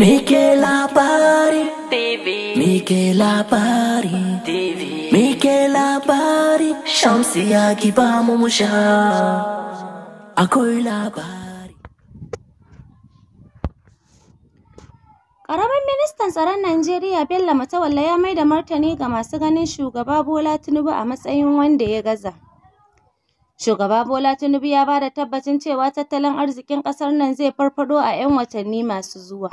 Mike labari TV Mike labari TV Mike labari Shamsi ya kiba musha Akwai labari Ƙaramin ministan tsaron Najeriya Bello Matawalle ya mai da martani ga masu ganin shugaba Bola Tinubu a matsayin wanda ya gaza. Shugaba Bola Tinubu ya ba da tabbacin cewa tattalin arzikin ƙasar nan zai farfaɗo a 'yan watanni masu zuwa.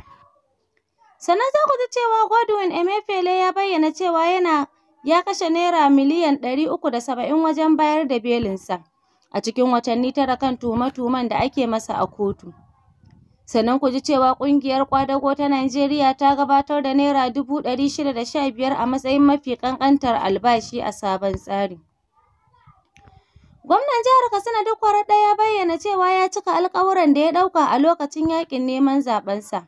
Sannan za ku ji cewa Godwin Emefiele ya bayyana cewa yana ya kashe naira miliyan ɗari da saba'in wajen bayar da belinsa a cikin watanni tara kan tuhume-tuhumen da ake masa a kotu. Sannan ku ji cewa ƙungiyar ƙwadago ta Najeriya ta gabatar da naira dubu ɗari shida da sha biyar a matsayin mafi ƙanƙantar albashi a sabon tsari. Gwamnan jihar Katsina Dick ɗaya ya bayyana cewa ya cika alƙawuran da ya ɗauka a lokacin yaƙin neman zaɓensa.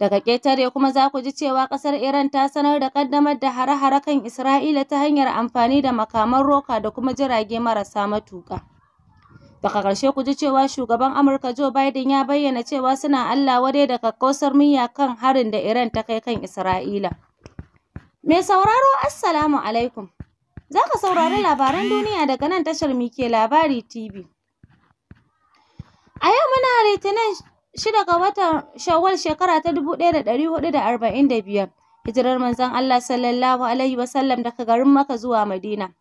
Daga ƙetare kuma za ku ji cewa ƙasar Iran ta sanar da ƙaddamar da hare-hare kan Isra'ila ta hanyar amfani da makaman roka da kuma jirage marasa matuƙa. Daga ƙarshe ku ji cewa shugaban Amurka Joe Biden ya bayyana cewa suna Allah wadai da kakkausar miya kan harin da Iran ta kai kan Isra'ila. Me sauraro Assalamu alaikum. Za ka saurari labaran duniya daga nan tashar Mike Labari TV. A yau muna Litinin shida ga watan Shawwal shekara ta dubu ɗaya da ɗari huɗu da arba'in da biyar. Hijirar manzan Allah sallallahu alaihi wasallam daga garin maka zuwa Madina.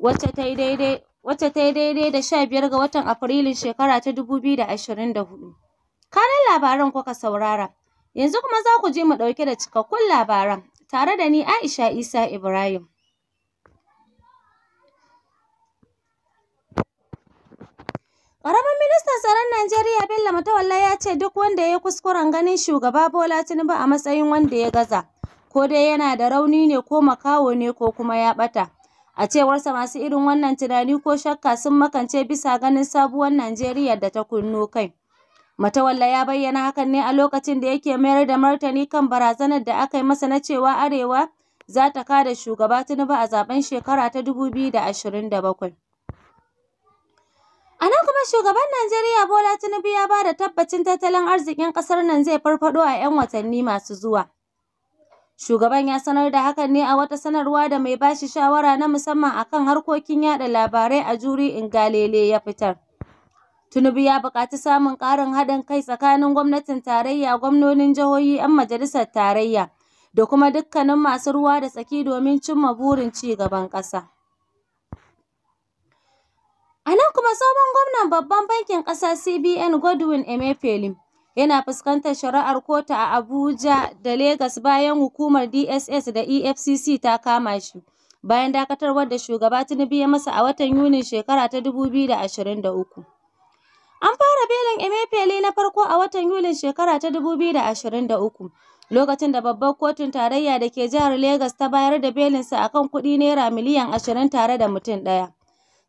Wacce ta yi daidai da sha biyar ga watan Afrilun shekara ta dubu biyu da ashirin da hudu. Kanan labaran kuka saurara. Yanzu kuma za ku je mu ɗauke da cikakkun labaran tare da ni Aisha Isa Ibrahim. Ƙaramin ministan tsaron Najeriya Bello Matawalla ya ce duk wanda ya kuskuren ganin shugaba Bola Tinubu a matsayin wanda ya gaza, ko dai yana da rauni ne ko makaho ne ko kuma ya ɓata. A cewarsa masu irin wannan tunani ko shakka sun makance bisa ganin sabuwar Najeriya da ta kunno kai. Matawalla ya bayyana hakan ne a lokacin da yake mayar da martani kan barazanar da aka yi masa na cewa Arewa za ta kada shugaba Tinubu a zaben shekara ta 2027. A kuma shugaban Najeriya Bola Tinubu ya ba da tabbacin tattalin arzikin ƙasar nan zai farfaɗo a 'yan watanni masu zuwa. Shugaban ya sanar da hakan ne a wata sanarwa da mai bashi shawara na musamman akan harkokin yada labarai a juri in galele ya fitar. Tinubu ya buƙaci samun ƙarin haɗin kai tsakanin gwamnatin tarayya, gwamnonin jihohi, 'yan majalisar tarayya da kuma dukkanin masu ruwa da tsaki domin cimma burin ci gaban ƙasa. A nan kuma tsohon gwamnan babban bankin ƙasa CBN Godwin Emefiele yana fuskantar shari'ar kotu a Abuja da Legas bayan hukumar DSS da EFCC ta kama shi. Bayan dakatarwar da shugaba Tinubu ya masa a watan Yuni shekara ta 2023. An fara belin Emefiele na farko a watan yuli shekara ta 2023, lokacin da babbar kotun tarayya da ke jihar Legas ta bayar da belinsa akan kuɗi naira miliyan 20 tare da mutum ɗaya.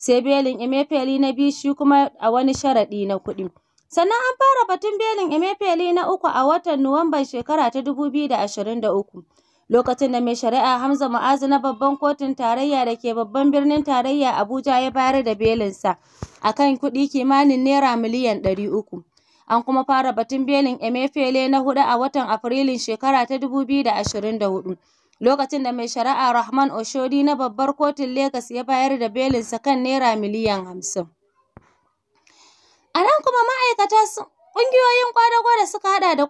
sai belin emefeli na biyu shi kuma a wani sharaɗi na kuɗi. Sannan an fara batun belin emefeli na uku a watan Nuwamban shekara ta 2023. Lokacin da mai shari'a Hamza Mu'azu na babban kotun tarayya da ke babban birnin tarayya Abuja ya bayar da belinsa a kan kuɗi kimanin naira miliyan ɗari 300. An kuma fara batun belin emefele na hudu a watan Afrilun shekara ta 2024. lokacin da mai shari'a Rahman Oshodi na babbar kotun Legas ya bayar da belinsa kan naira miliyan hamsin. A nan kuma ma'aikata sun Ƙungiyoyin ƙwadago da suka haɗa da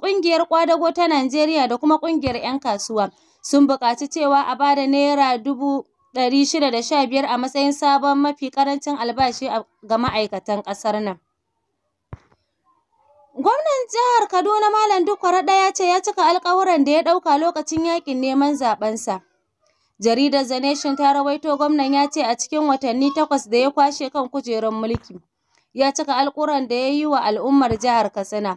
ƙungiyar kwadago ta Najeriya da kuma ƙungiyar 'yan kasuwa sun buƙaci cewa a ba da Naira dubu ɗari shida da sha biyar a matsayin sabon mafi ƙarancin albashi ga ma'aikatan ƙasar nan. Gwamnan jihar Kaduna Malam Dukwara Raɗa ya ce ya cika alkawuran da ya ɗauka lokacin yakin neman zaɓensa. Jaridar The Nation ta rawaito gwamnan ya ce a cikin watanni takwas da ya kwashe kan kujerar mulki, ya cika alkuran da ya yi wa al'ummar jihar Katsina.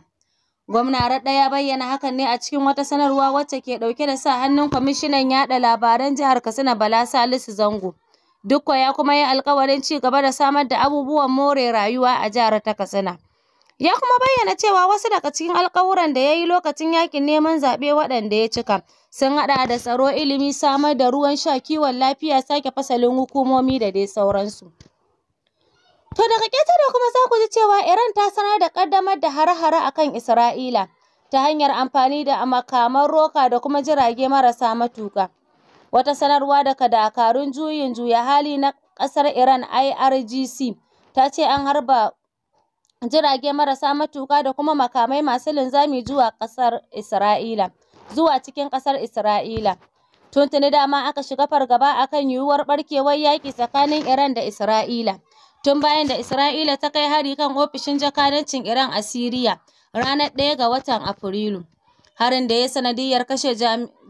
Gwamna Raɗa ya bayyana hakan ne a cikin wata sanarwa wacce ke ɗauke da sa hannun kwamishinan yaɗa labaran jihar Katsina Bala Salisu Zango. Dukko ya kuma yi alkawarin ci gaba da samar da abubuwan more rayuwa a jihar ta Katsina. Ya kuma bayyana cewa wasu daga cikin alkawuran da ya yi lokacin yakin neman zaɓe waɗanda ya cika sun haɗa da tsaro, ilimi, samar da ruwan sha, kiwon lafiya, sake fasalin hukumomi da dai sauransu. To daga da kuma za ku ji cewa Iran ta sanar da ƙaddamar da hare-hare a kan Isra'ila ta hanyar amfani da makaman roka da kuma jirage marasa matuƙa. Wata sanarwa daga dakarun juyin juya hali na ƙasar Iran IRGC ta ce an harba jirage marasa matuka da kuma makamai masu linzami zuwa ƙasar Isra'ila zuwa cikin ƙasar Isra'ila. Tuntuni dama aka shiga fargaba akan yiwuwar barkewar yaƙi tsakanin Iran da Isra'ila. Tun bayan da Isra'ila ta kai hari kan ofishin jakadancin Iran a Siriya ranar ɗaya ga watan Afrilu. Harin da ya sanadiyar kashe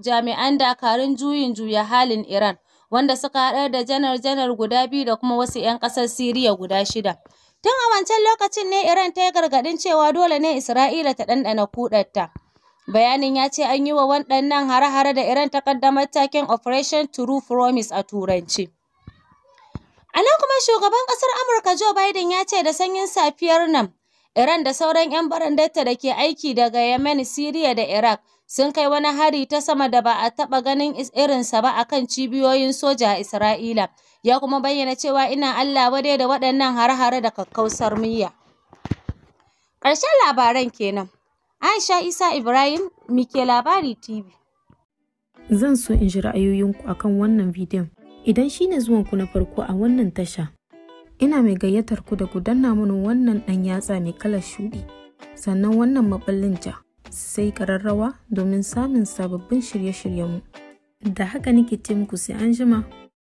jami'an dakarun juyin juya halin Iran wanda suka haɗar da janar-janar guda biyu da kuma wasu 'yan ƙasar Siriya guda shida. Tun a wancan lokacin ne Iran ta yi gargaɗin cewa dole ne Isra'ila ta ɗanɗana kuɗarta. Bayanin ya ce an yi wa waɗannan hare-hare da Iran ta ƙaddamar takin Operation True Promise a Turanci. A nan kuma shugaban ƙasar Amurka Joe Biden ya ce da sanyin safiyar nan Iran da sauran 'yan barandarta da ke aiki daga Yemen, Siriya da Iraq sun kai wani hari ta sama da ba a taɓa ganin irinsa ba akan cibiyoyin soja a Isra'ila. Ya kuma bayyana cewa ina Allah wadai da waɗannan hare-hare da kakkausar miya. Ƙarshen labaran kenan. Aisha Isa Ibrahim, Mike Labari TV. Zan so in ji ra'ayoyinku akan wannan bidiyon. Idan shine zuwanku na farko a wannan tasha, Ina mai gayyatar ku da ku danna mini wannan ɗan yatsa mai kalar shuɗi, sannan wannan maɓallin ja, sai kararrawa domin samun sababbin shirye mu Da haka nake ce muku sai an jima.